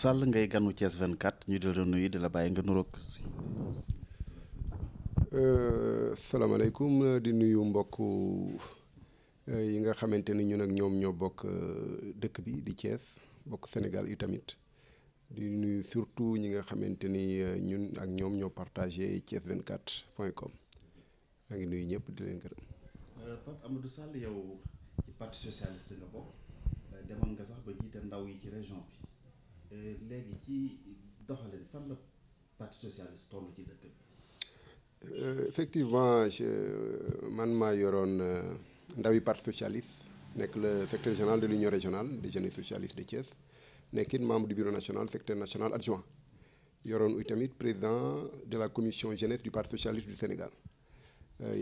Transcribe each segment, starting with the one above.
Sall ngay ganu Thiès 24 ñu di la nuyu di la bàyyi nga nuroog. Euh, salaamaaleykum di nuyu mbokk euh, yi nga xamante ni ñun ak ñoom ñoo bokk euh, dëkk bi di Thiès bokk Sénégal yi tamit di nuyu surtout ñi nga xamante ni ñun ak ñoom ñoo partagé vingt 24 point com maa ngi nuyu ñëpp di leen gërëm. Pape Amadou Sall yow ci parti socialiste nga bokk demoon nga sax ba jiite ndaw yi ci région bi. %e effectivement man maa yoroon euh, ndawi parti socialiste nekk le secrétaire général de l'union régionale des jeunes socialistes de Thiès nekkit membre du bureau national secrétaire national adjoint yoroon itamit président de la commission jeunesse du parti socialiste du Sénégal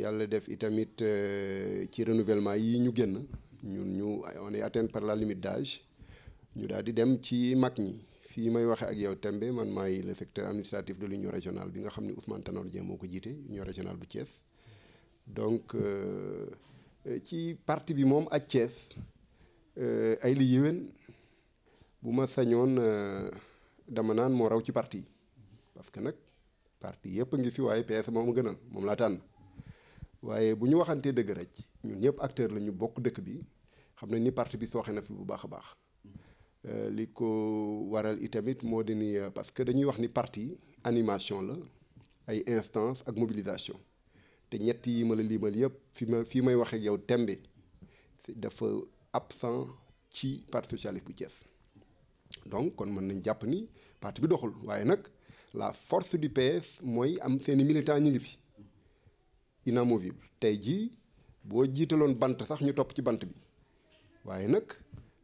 yàlla def itamit ci renouvellement yi ñu génn ñu ñu on est atteint par la limite d'âge ñu daal di dem ci mag ñi fii may waxe ak yow Tembe man maay le secteur administratif de l'union régionale bi nga xam ni Ousmane Tanor Dieng moo ko jiite union régionale bu Thiès donc euh, euh, ci parti bi moom ak Thiès euh, ay li yéwén bu ma sañoon dama naan moo raw ci parti parce que nag parti yëpp ngi fi waaye PS moom gënal moom laa tànn waaye bu ñu waxantee dëgg rek ñun ñëpp acteur la ñu bokk dëkk bi xam na ni parti bi sooxe na fi bu baax a baax Euh, li ko waral itamit moo di ni euh, parce que dañuy wax ni parti animation la ay instance ak mobilisation te ñett yi ma la limal yëpp fi ma fii may waxee ak yow tembe dafa absent ci parti socialiste bu Thiès donc kon mën nañ jàpp ni parti bi doxul waaye nag la force du PS mooy am seeni militant ñu ngi fi inamovible tey jii boo jiitaloon bant sax ñu topp ci bant bi waaye nag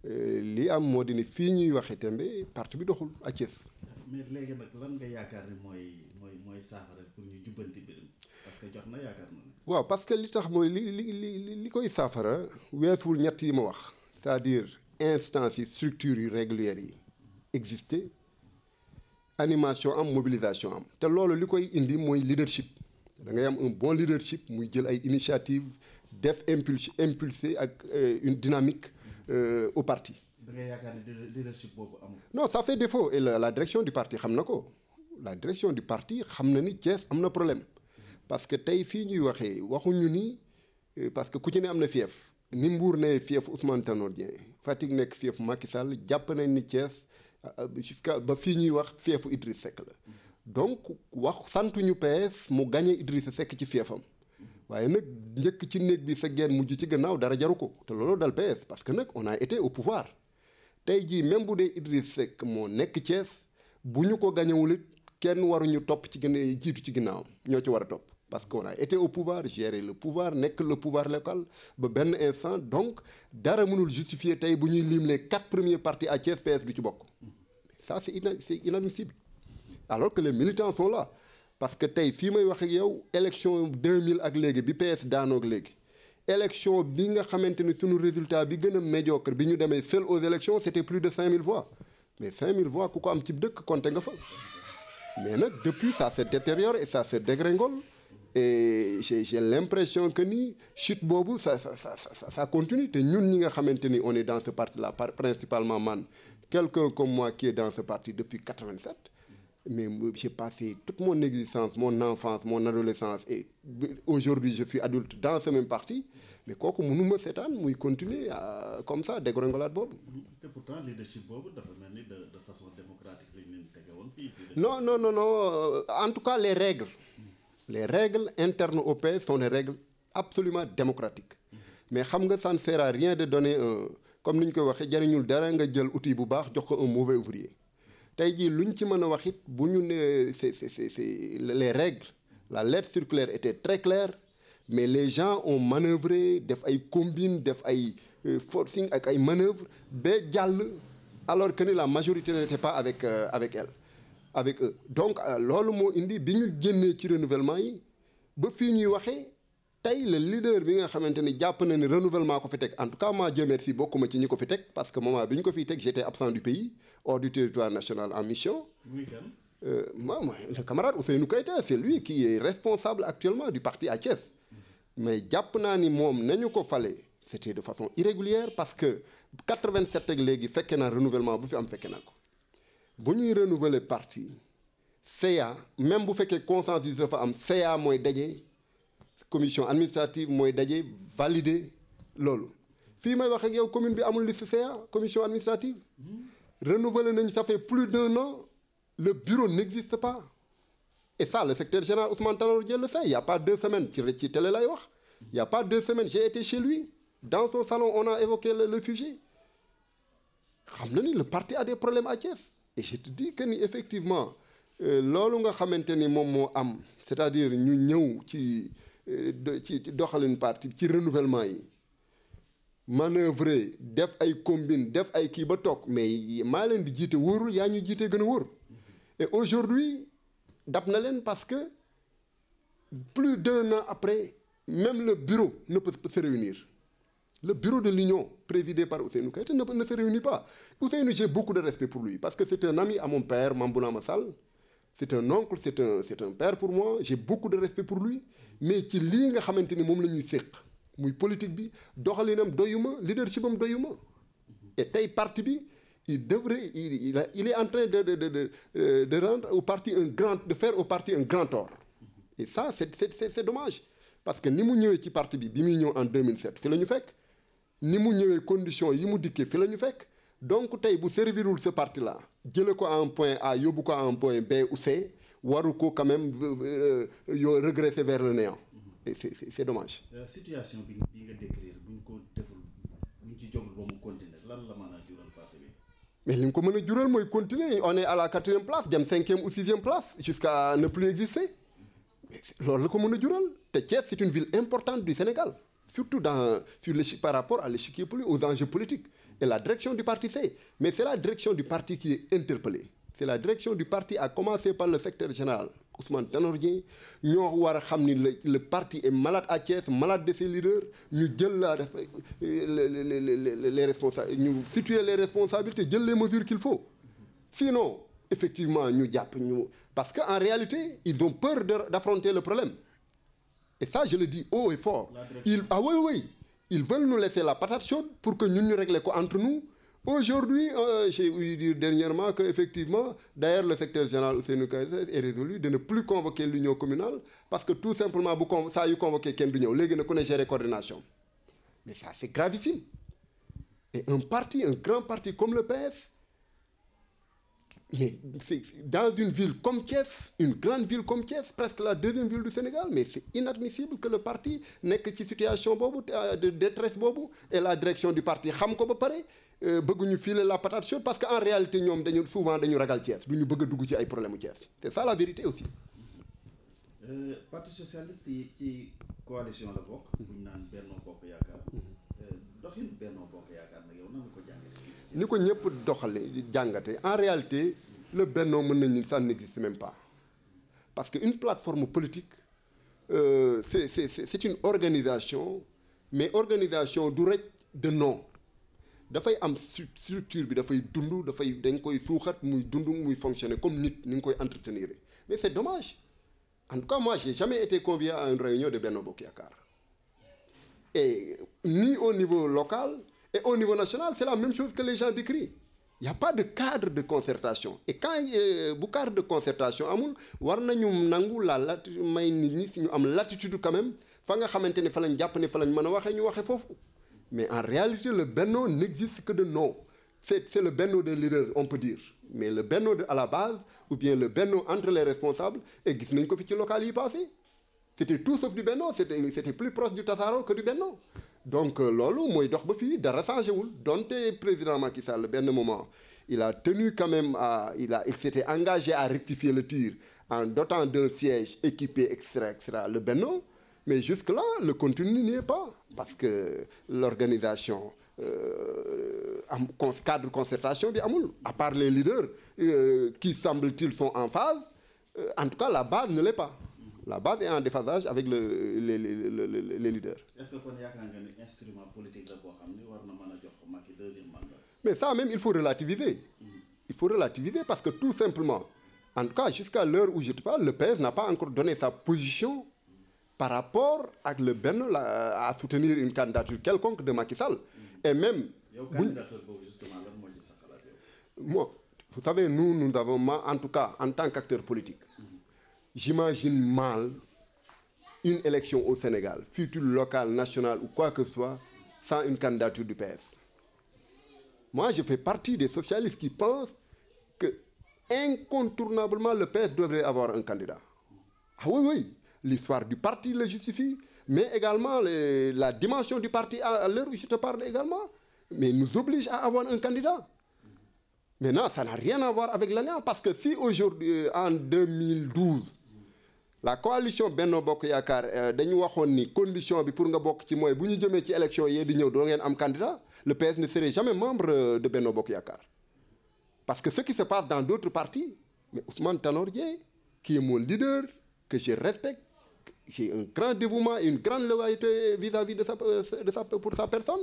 li am moo di ne fii ñuy waxe tembe parti bi doxul à Thiès. mais nga yaakaar ne mooy mooy mooy saafara ñu jubbanti parce que waaw parce que li tax mooy li li li li koy saafara weesuwul ñett yi ma wax c'est-à-dire instances yi structures yi régulières yi exister animation am mobilisation am te loolu li koy indi mooy leadership da ngay am un bon leadership muy jël ay initiative def impulse impulser ak euh, une dynamique euh, au parti. non ça fait défaut et la, la direction du parti xam na ko la direction du parti xam na nit Thiès am na problème parce que tey fii ñuy waxee waxuñu ni euh, parce que ku ci ne am na fief ni Mbour ne fief Ousmane Tanor Dieng Fatick nekk fief Macky Sall jàpp nañ ni Thiès euh, jusqu'à ba fii ñuy wax fiefu Idriss Seck la donc wax santuñu PS mu gagné Idriss sekk ci fiefam. waaye nag njëkk ci néeg bi sa geen mujj ci gannaaw dara jaru ko te loolu dal PS parce que nag on a été au pouvoir tey jii même bu dee Idriss Seck moo nekk Thiès bu ñu ko gañewul it kenn waruñu topp ci gën a jiitu ci ginnaawam ñoo ci war a topp parce que on a été au pouvoir gérer le pouvoir nekk le pouvoir local ba benn instant donc dara mënul justifier tey bu ñuy lim les quatre premiers partis à Thiès PS du ci bokk ça c'est inadmissible alors que les militants sont là parce que tey fii may wax ak yow élection 2000 ak léegi bi PS daanoog léegi élection bi nga xamante ni sunu résultat bi gën a médiocre bi ñu demee seul aux élections c'était plus de 5000 voix mais 5000 voix ku ko am ci dëkk compté nga fa mais nag depuis ça se détériore et ça se dégringole et j'ai j'ai l'impression que ni boobu ça ça ça continue te ñun ñi nga xamante ni on est dans ce parti là par principalement man quelqu'un comme moi qui est dans ce parti depuis mais j'ai passé toute mon existence, mon enfance, mon adolescence, et aujourd'hui je suis adulte dans ce même parti, mais kooku que nous me s'étend, nous continuer euh, comme ça, dégringolade Bob. Et pourtant, le leadership no de, euh, En tout cas, les règles, les règles internes au pays sont des règles absolument démocratiques. Mais ça ne sert à rien de donner, un, comme nous le dit, un outil ko mauvais ouvrier. tey jii lu luñ ci mën a wax it bu ñu nee c'est c'est c'est les règles la lettre circulaire était très claire mais les gens ont manœuvré def ay combine def ay euh, forcing ak ay manœuvres ba jàll alors que ni la majorité n'était pas avec euh, avec elle donc euh, loolu moo indi bi ñu génnee ci renouvellement yi ba fii ñuy waxee tey le leader bi nga xamante ni jàpp na ni renouvellement ko fi teg en tout cas moi Dieu merci bokkuma ci ñi ko fi teg parce que moment bi ñu ko fiy teg j'étais absent du pays hors du territoire national en mission. oui euh, moi, moi, le camarade Ousseynou Keïta c'est lui qui est responsable actuellement du parti à Thiès mais jàpp naa ni moom nañu ko fale c'était de façon irrégulière parce que 87 teg léegi fekke na renouvellement bu fi am fekke naa ko bu ñuy renouveler parti CA même bu fekkee consensus dafa am mooy daje. commission administrative mooy daje valider loolu fii may wax ak commune bi amul liste CA commission administrative mm-hmm. renouvelé nañ ça fait plus d'un an le bureau n'existe pas et ça le secrétaire général Ousmane Tanor Dieng le sait a pas deux semaines ci ci télé lay wax il a pas deux semaines j'ai été chez lui dans son salon on a évoqué le, le xam na ni le parti a des problèmes à Thiès et je te dis que ni effectivement euh, loolu nga xamante ni moom moo am c'est-à-dire ñu ci doxalin parti ci renouvellement yi manœuvrer def ay combine def ay kii ba toog mais maa leen di jiite wóorul yaa ñu jiite gën a wóor et aujourd'hui dab na leen parce que plus d'un an après même le bureau ne peut se bureau de l'union présidé par Ousseynou Keïta ne, ne se réunit pas Ousseynou j'ai beaucoup de respect pour lui parce que c'est un ami à mon père Mamboula Massal c'est un oncle c'est un c'est un père pour moi j'ai beaucoup de respect pour lui mais ci lii nga xamante ni moom la ñuy séq muy politique bi doxalinam doyuma leadership am doyuma te tey parti bi il devrait il il est en train de de de de rendre au parti un grand de faire au parti un grand tort et ça c'est c'est c'est dommage parce que ni mu ñëwee ci parti bi bi muy ñëw en 2007 fi la ñu fekk ni mu ñëwee condition yi mu dikkee fi la ñu fekk donc tey bu servirul ce parti la jële ko à un point A yóbbu ko à un point B ou waru ko quand même euh, euh, yoo regresser vers le néant et c'est c'est, c'est dommage. Euh, situation ko a jural mais li ñu ko mën a jural mooy continuer on est à la quatrième place dem cinquième ou sixième place jusqu'à ne plus exister loolu la ko mën a jural te Thiès c'est une ville importante du Sénégal surtout dans sur le par rapport à l'échiquier politique aux enjeux politiques et la direction du parti c'est mais c'est la direction du parti qui est interpellée. c'est la direction du parti à commencer par le secrétaire général Ousmane Tanor ñoo war xam ni le le parti est malade à Thiès malade de ses leaders ñu jël la euh, les responsa ñu situer les responsabilités jël les mesures qu'il faut sinon effectivement ñu jàpp ñu parce que en réalité ils ont peur d'affronter le problème et ça je le dis haut et fort ils ah oui ils veulent nous laisser la patate chaude pour que ñun ñu régler ko entre nous Aujourd'hui, euh, j'ai eu dire dernièrement qu'effectivement, d'ailleurs, le secteur général est résolu de ne plus convoquer l'union communale parce que tout simplement, ça a eu convoqué l'union, ne connaît gérer coordination. Mais ça, c'est gravissime. Et un parti, un grand parti comme le PS, dans une ville comme Thiès, une grande ville comme Thiès, presque la deuxième ville du Sénégal, mais c'est inadmissible que le parti n'ait que cette situation euh, de détresse et la direction du parti, Euh, bëgguñu filer la patate parce que en réalité ñoom dañu souvent dañu ragal Thiès du ñu bëgg a dugg ci ay problème u Thiès c'est ça la vérité aussi. Euh, parti socialiste yi ci coalition la bokk. Mm-hmm. ñu naan Benno Bokk Yaakaar. Mm-hmm. Euh, doxin Benno Bokk Yaakaar nag yow nan ko jàngate. ni ko ñëpp doxale jàngate en réalité le Benno mën nañu ça n'existe même pas parce que une plateforme politique euh, c'est une organisation mais organisation du rek de nom. dafay am structure bi dafay dund dafay dañ koy suuxat muy dund muy fonctionner comme nit ñu ngi koy entretenir mais c'est dommage en tout cas moi j'ai jamais été convié à réunion de Benno Bokk yaakaar et ni au niveau local et au niveau national c'est la même chose que les gens décrivent il y pas de cadre de concertation et quand euh, bu cadre de concertation amul war nañu nangu la lati may nit ñu am latitude quand fa nga xamante ne fa lañ jàpp ne fa lañ mën a waxee ñu waxee foofu Mais en réalité, le Benno n'existe que de nom. C'est le Benno des leaders, on peut dire. Mais le Benno à la base, ou bien le Benno entre les responsables, ko une copie locale yi passée. C'était tout sauf du Benno, c'était plus proche du Tassaro que du Benno. Donc, euh, dox ba je dara dont le président Macky Sall, ben moment, il a tenu quand même à, il, a, il s'était engagé à rectifier le tir en dotant d'un siège équipé, Benno, Mais jusque-là, le contenu n'y est pas, parce que l'organisation euh, am euh, de concertation bi amul à part les leaders euh, qui semble-t-il sont en phase euh, en tout cas la base ne l'est pas la base est en déphasage avec le les le, le, le, les leaders. est-ce que kon yaakaar nga ni instrument politique a mais ça même mm-hmm. il faut relativiser. parce que tout simplement en tout cas jusqu'à l'heure où je parle le PS n'a pas encore donné sa position. par rapport a le benn euh, à soutenir une candidature quelconque de Macky Sall. Mm. et même. moi vous savez nous nous avons ma en tout cas en tant qu'acteur politique. Mm. j'imagine mal une élection au Sénégal fût-elle locale ou quoi que ce soit sans une candidature du PS. Moi je fais partie des socialistes qui pensent que incontournablement le PS devrait avoir un candidat. Ah oui l'histoire du parti le justifie, mais également les, la dimension du parti à, l'heure où je te parle également, mais nous oblige à avoir un candidat. Maintenant, ça n'a rien à voir avec l'alliance, parce que si aujourd'hui, euh, en 2012, la coalition Benno Bokk Yaakaar euh, dañu waxoon ni condition bi pour nga bokk ci mooy bu ñu jëmee ci élection yee di ñëw doo ngeen am candidat le PS ne serait jamais membre euh, de Benno Bokk Yaakaar parce que ce qui se passe dans d'autres partis mais Ousmane Tanor Dieng qui est mon leader que je j'ai un grand dévouement et une grande loyauté vis-à-vis de sa, euh, pour sa personne,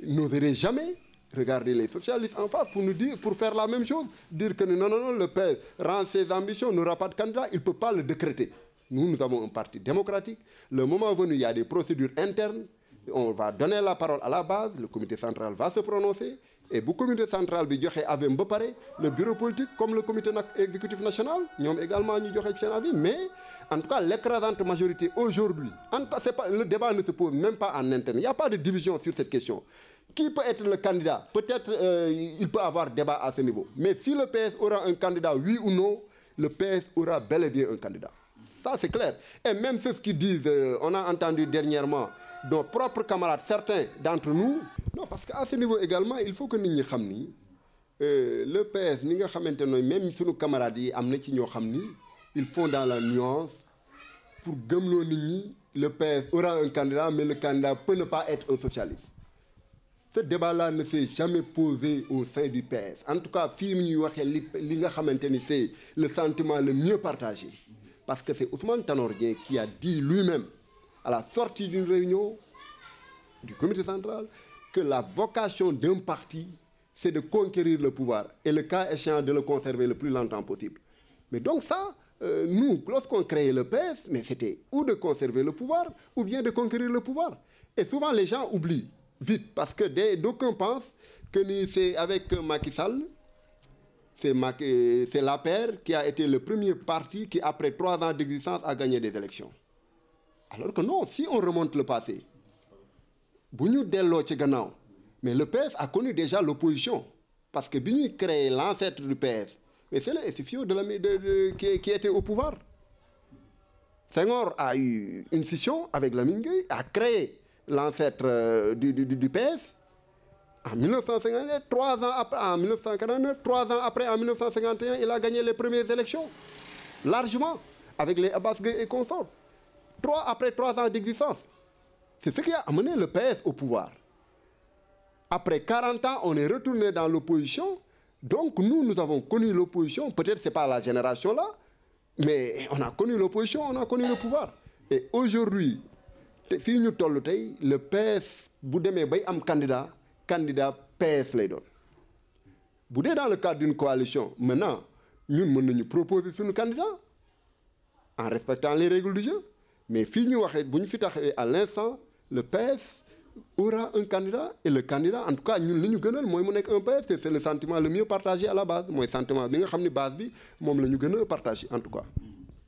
n'oserait jamais regarder les socialistes en face pour nous dire, pour faire la même chose, dire que non, non, non, le PS e rend ses ambitions, n'aura pas de candidat, il ne peut pas le décréter. Nous, nous avons un parti démocratique. Le moment venu, y a des procédures internes. On va donner la parole à la base, le comité central va se prononcer. Et bu comité central bi joxe avis ba pare le bureau politique comme le comité exécutif national ñoom également ñu joxe seen avis mais En tout cas, l'écrasante majorité aujourd'hui, en tout cas, pas, le débat ne se pose même pas en interne. Il n'y a pas de division sur cette question. Qui peut être le candidat Peut-être euh, il peut avoir débat à niveau. Mais si le PS aura un candidat, oui ou non, le PS aura bel et bien un candidat. Ça, c'est clair. Et même ceux qui disent, euh, on a entendu dernièrement nos propres camarades, certains d'entre nous, non, parce qu'à ce niveau également, il faut que nous sachions, euh, le PS, ils font dans la nuance pour gëmloo nit ñi le PS aura un candidat mais le candidat peut ne pas être un socialiste ce débat-là ne s'est jamais posé au sein du PS en tout cas fii mu ñuy waxee li li nga xamante ni c'est le sentiment le mieux partagé parce que c'est Ousmane Tanor Dieng qui a dit lui-même à la sortie d'une réunion du comité central que la vocation d'un parti c'est de conquérir le pouvoir et le cas échéant de le conserver le plus longtemps possible euh, nous, lorsqu'on créait le PS, mais c'était ou de conserver le pouvoir ou bien de conquérir le pouvoir. Et souvent, les gens oublient vite parce que d'aucuns pensent que c'est avec Macky Sall, c'est euh, la paire qui a été le premier parti qui, après trois ans d'existence, a gagné des élections. Alors que non, si on remonte le passé, mais le PS a connu déjà l'opposition. Parce que Binu créé l'ancêtre du PS, Mais c'est le SFIO de la, de, de, qui, qui, était au pouvoir. Senghor a eu une scission avec la Mingue, a créé l'ancêtre euh, du, du, du, PS. En 1959, trois ans après, en 1949, trois ans après, en 1951, il a gagné les premières élections. Largement, et consorts. Trois après trois ans d'existence. a le PS au pouvoir. Après 40 ans, on est retourné dans l'opposition Donc nous, nous avons connu l'opposition, peut-être ce n'est pas la génération la mais on a connu l'opposition, on a connu le pouvoir. Et te fii ñu toll tey le PS bu demee bay am candidat candidat PS lay doon bu dee dans le cadre d'une coalition maintenant ñun mën nañu proposer suñu candidat en respectant les règles du jeu mais fii ñu waxee bu ñu fi taxawee à l'instant le PS aura un candidat et le candidat en ñun li ñu gënal mooy mu nekk un PS c'est le sentiment le mieux partagé à la mooy sentiment bi nga xam ni base bi moom la ñu gën a partagé en tout cas.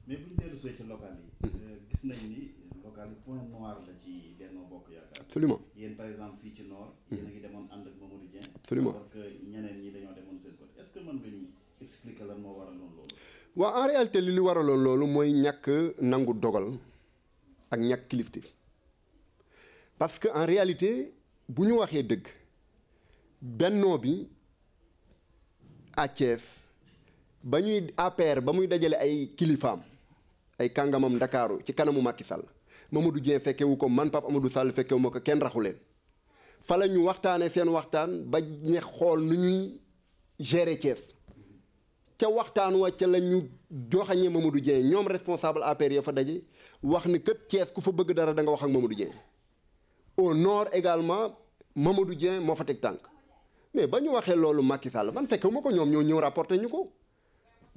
mais yi. Mm. Euh, gis nañ ni local yi point noir la ci Benno Bokk Yaakaar. absolument par exemple fii ci nord. Mm. yéen a ngi demoon ànd ak Mamadou Dieng. absolument parce que ñeneen demoon seen côté est-ce que ñu expliquer lan moo waraloon loolu. waaw en réalité li li waraloon loolu mooy ñàkk nangu dogal ak ñàkk kilifteef parce que en réalité bu ñu waxee dëgg benno bi à ba ñuy APR ba muy dajale ay kilifaam ay kàngamam ndakaaru ci kanamu Macky Sall Mamadou Dieng fekkewu ko man Pape Amadou Sall fekkewu ma ko kenn raxu leen fa la ñu waxtaanee seen waxtaan ba ñex xool nu ñuy gérer Thiès ca waxtaan wa ca la ñu joxañee Mamadou Dieng ñoom responsable APR ya fa daje wax ni kët Thiès ku fa bëgg dara da nga wax ak du Dieng au noor également Mamadou Dieng moo fa teg tànk mais ba ñu waxee loolu Macky Sall man fekkuma ko ñoom ñoo ñëw rapporté ñu ko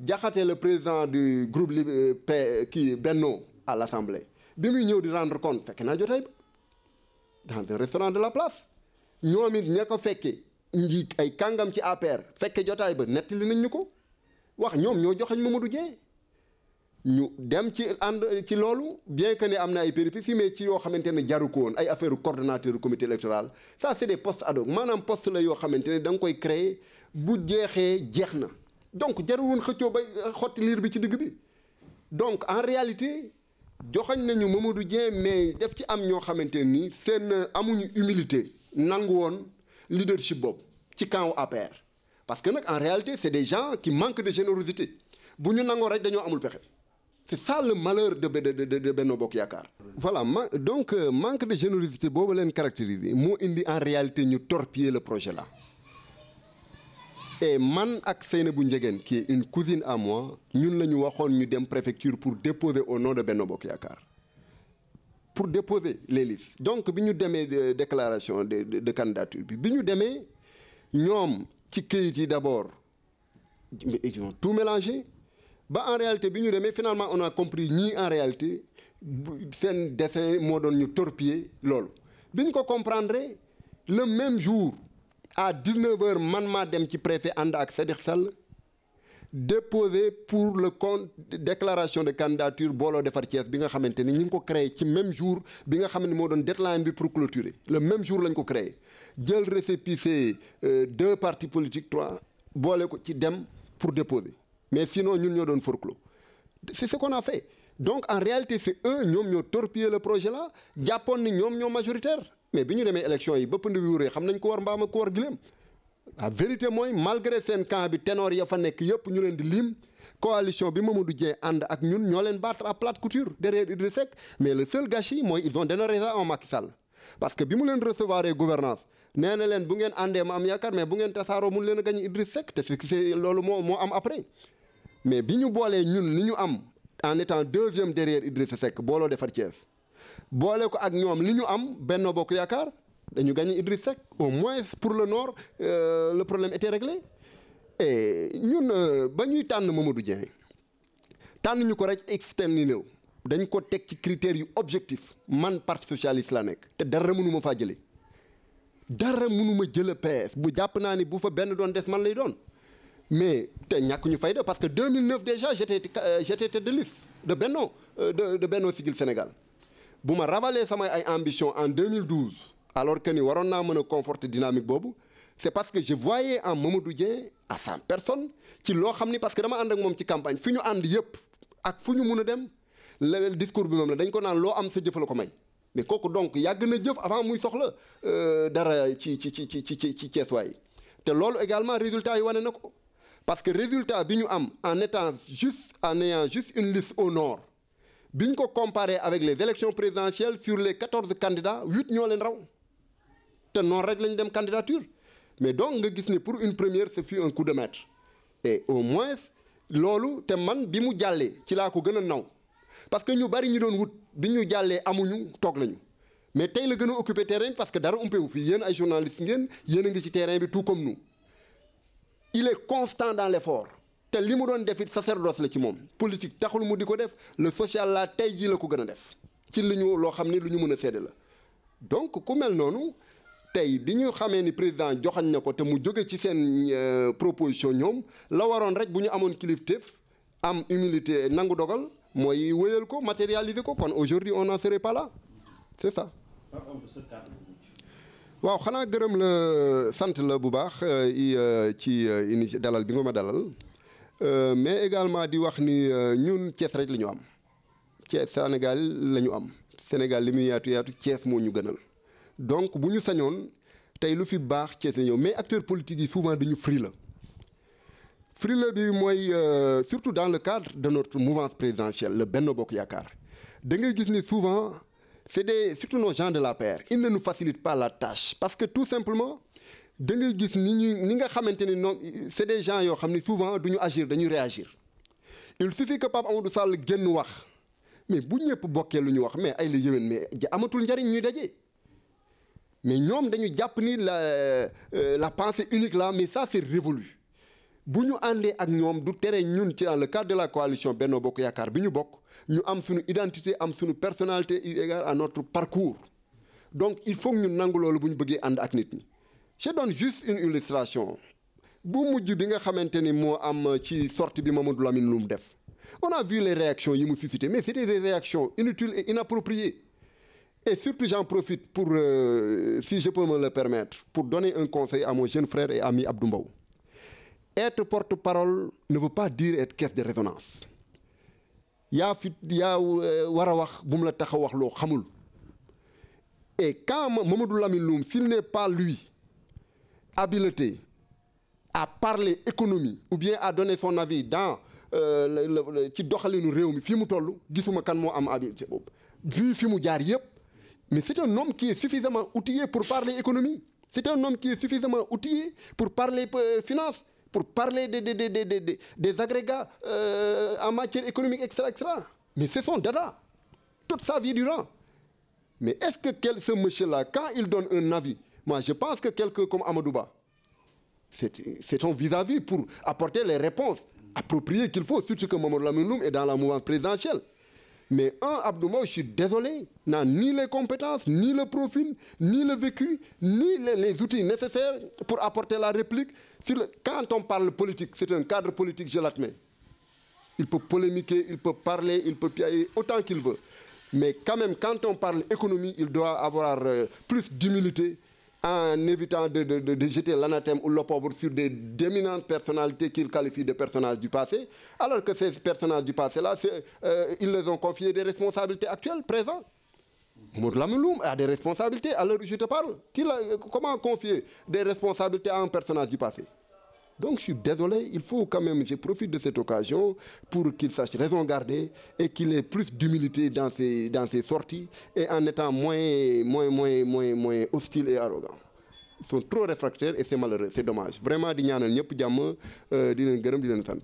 jaxatee la président du groupe li euh, P kii Benno à l' bi muy ñëw di rendre compte fekk naa jotaay ba dans un restaurant de la place ñoom it ña ko fekke ngi ay kàngam ci APR fekke jotaay ba li nañ ñu ko wax ñoom ñoo joxañ Mamadou Dieng ñu dem ci ànd ci loolu bien que ne am na ay péripéties mais ci yoo xamante ne jaru ko woon ay affaire coordonnateur comité électoral ça c'est des postes ad hoc maanaam poste la yoo xamante ne da koy créer bu jeexee jeex na donc jaru woon xëccoo bay xotti liir bi ci digg bi donc en réalité joxoñ nañu Mamadou Dieng mais def ci am ñoo xamante ni seen amuñu humilité nangu woon leadership boobu ci camp APR parce que nag en réalité c'est des gens qui manquent de générosité bu ñu nangoo rek dañoo amul pexe c'est ça le malheur de de Bokk Yaakaar. voilà man donc euh, manque de générosité boobu leen caractériser moo indi en réalité ñu torpiller le projet la et man ak Seynabou bu qui est une cousine à moi ñun la ñu waxoon ñu dem préfecture pour déposer au nom de Benno Bokk Yaakaar pour déposer les donc bi ñu demee déclaration de de, de candidature bi bi ñu demee ñoom ci këyit yi d'abord ils ont tout ba en réalité bi ñu demee finalement on a compris ñii en réalité seen dessein moo doon ñu torpiller loolu bi ñu ko comprendre le même jour à 19 heures man maa dem ci préfet ànd ak Sadikh Sall déposé pour le compte déclaration de candidature booloo defar Thiès bi nga xamante ni ñu ngi ko créé ci même jour bi nga xam ne moo doon deadline bi pour clôturer le même jour lañ ko créé jël récépissé euh, deux partis politiques trois boole ko ci dem pour déposer. mais sinon ñun ñoo doon forclos c'est ce qu'on a fait donc en réalité c'est eux ñoom ñoo torpillé le projet la jàppoon ni ñoom ñoo majoritaire mais bi ñu demee élection yi bëpp ndi wuuree xam nañ ko war mbaam ak ko war giléem la vérité mooy malgré seen camp bi ténor ya fa nekk yëpp ñu leen di lim coalition bi Mamadou Dieng ànd ak ñun ñoo leen a à plate couture derrière Idrissa Seck mais le seul gâchis mooy ils ont dénoré ça en Macky Sall parce que bi mu leen recevoir gouvernance nee na leen bu ngeen àndee ma am yaakaar mais ngeen tasaaroo mun leen a gañ Idrissa Seck moo moo mais bi ñu boolee ñun li ñu am en étant deuxième derrière Idrissa Seck booloo defar Thiès boole ko ak ñoom li ñu am Benno Bokk Yaakaar dañu gagné Idrissa Seck au moins pour le nord euh, le problème était réglé et ñun euh, ba ñuy tànn Mamadou Dieng tànn ñu ko rek externe wu dañ ko teg ci critères yu objectif man parti socialiste laa nekk te dara mënu ma faa jëlee dara mënu ma jëlee bu jàpp naa ni bu fa benn doon des man lay doon. mais te ñàkk ñu fayda parce que 2009 déjà j'étais euh, j'étais tête de liste de Benno euh, de de Benno Siggil Sénégal bu ma ravaler samay ay ambition en 2012 alors que ni waroon naa mën a conforter dynamique boobu c'est parce que je voyais en Mamadou Dieng à cent personnes ci loo xam ni parce que dama ànd ak moom ci campagne fi ñu ànd yëpp ak fu ñu mun a dem le discours bi moom la dañ ko naan loo am sa jëf ko may mais kooku donc yàgg na jëf avant muy soxla euh, dara ci ci ci ci ci ci Cees waay te loolu également résultat yi wane na ko. parce que résultat bi ñu am en étant juste en ayant juste une liste au nord bi ñu ko comparé avec les élections présidentielles sur les quatorze candidats huit ñoo leen raw te noonu rek la dem candidature mais donc nga gis ni pour une première ce fut un coup de maître et au moins loolu te man bi mu jàllee ci laa ko gën a naw parce que ñu bari ñu doon wut bi ñu jàllee amuñu toog lañu mais tey la gën a occupé terrain parce que dara umpewu fii yéen ay journalistes ngeen yéen bi tout comme nous. il est constant dans l'effort te li mu doon def it sacerdoce la ci moom politique taxul mu di ko def le social la tey jii la ko gën a def ci li ñu loo xam ni lu ñu mën a séede la donc ku mel noonu tey bi ñu xamee ni président joxañ na ko te mu jóge ci seen euh, proposition ñoom la waroon rek bu ñu amoon kilifteef am humilité nangu dogal mooy wéyal ko matérialiser ko kon aujourd'hui on n'en serait pas là c'est ça. waaw xanaa gërëm la sant la bu baax euh, euh, ci euh, ini dalal bi nga ma dalal mais également di wax ni ñun Cees rek la ñu am Cees Sénégal la ñu am Sénégal li muy yaatu yaatu Cees moo ñu gënal donc bu ñu sañoon tey lu fi baax Cees la ñëw mais acteurs politiques yi souvent dañu fri la fri la bi mooy surtout dans le cadre de notre mouvance présidentielle la benn Bokk Yaakaar da gis ni souvent c'est des surtout nos gens de la paire ils ne nous facilitent pas la que tout simplement da ngay gis ni ñuy nga xamante ni non c'est des gens yoo xam ne souvent duñu agir dañuy réagir il suffit que Pape Amadou Sall génn wax mais bu ñëpp bokkee lu ñu wax mais ay la yëwén mais amatul njariñ ñuy daje mais ñoom dañu jàpp ni la euh, la pensée unique là mais ça c'est révolu bu ñu àndee ak ñoom du tere ñun ci dans le cadre de la coalition Benno Bokk Yaakaar bi ñu bokk ñu am suñu identité am suñu personnalité eu égard à notre parcours donc il faut ñu nangu loolu bu ñu bëggee ànd ak nit ñi je donne juste une illustration bu mujj bi nga xamante ni moo am ci sortie bi Mamadou mi nu mu def on a vu les réactions yi mu suscité mais c'était des réactions inutiles et inappropriées et surtout j'en profite pour euh, si je peux me permettre pour donner un conseil à mon jeune frère et ami Abdou Mbow être porte-parole ne veut pas dire être caisse de résonance yaa fi yaa euh, war a wax bu mu la tax a wax loo xamul et quand Mamadou Lamine Loum s'il n'est pas lui habilité à parler économie ou bien à donner son avis dans euh, ci doxalinu réew mi fii mu toll gisuma kan moo am habilité boobu vu fi mu jaar yëpp mais c'est un homme qui est suffisamment outillé pour parler économie c'est un homme qui est suffisamment outillé pour parler euh, finance pour parler des, des, des, des agrégats euh, en matière économique, etc., etc. Mais c'est son dada, toute sa vie durant. Mais est-ce que quel, ce monsieur-là, quand il donne un avis, moi je pense que quelqu'un comme Amadouba, c'est son vis-à-vis -vis pour apporter les réponses appropriées qu'il faut, surtout que Mamadou Lamounoum est dans la mouvance présidentielle. Mais un Abdouma, je suis désolé, n'a ni les compétences, ni le profil, ni le vécu, ni les, les outils nécessaires pour apporter la réplique. Sur le, quand on parle politique, c'est un cadre politique, je l'admets. Il peut polémiquer, il peut parler, il peut piailler autant qu'il veut. Mais quand même, quand on parle économie, il doit avoir euh, plus d'humilité en évitant de, de, de, de jeter l'anathème ou l'opprobre sur des d'éminentes personnalités qu'il qualifie de personnages du passé, alors que ces personnages du passé-là, euh, ils les ont confiés des responsabilités actuelles, présentes. Maud Lamouloum a des responsabilités à l'heure où je te parle. Qui euh, comment confier des responsabilités à un personnage du passé Donc je suis désolé, il faut quand même, je profite de cette occasion pour qu'il sache raison garder et qu'il ait plus d'humilité dans ses, dans ses sorties et en étant moins, moins, moins, moins, moins hostile et arrogant. Ils sont trop réfractaires et c'est malheureux, c'est dommage. Vraiment, di ñaanal ñëpp jàmm euh, di leen gërëm di leen sant.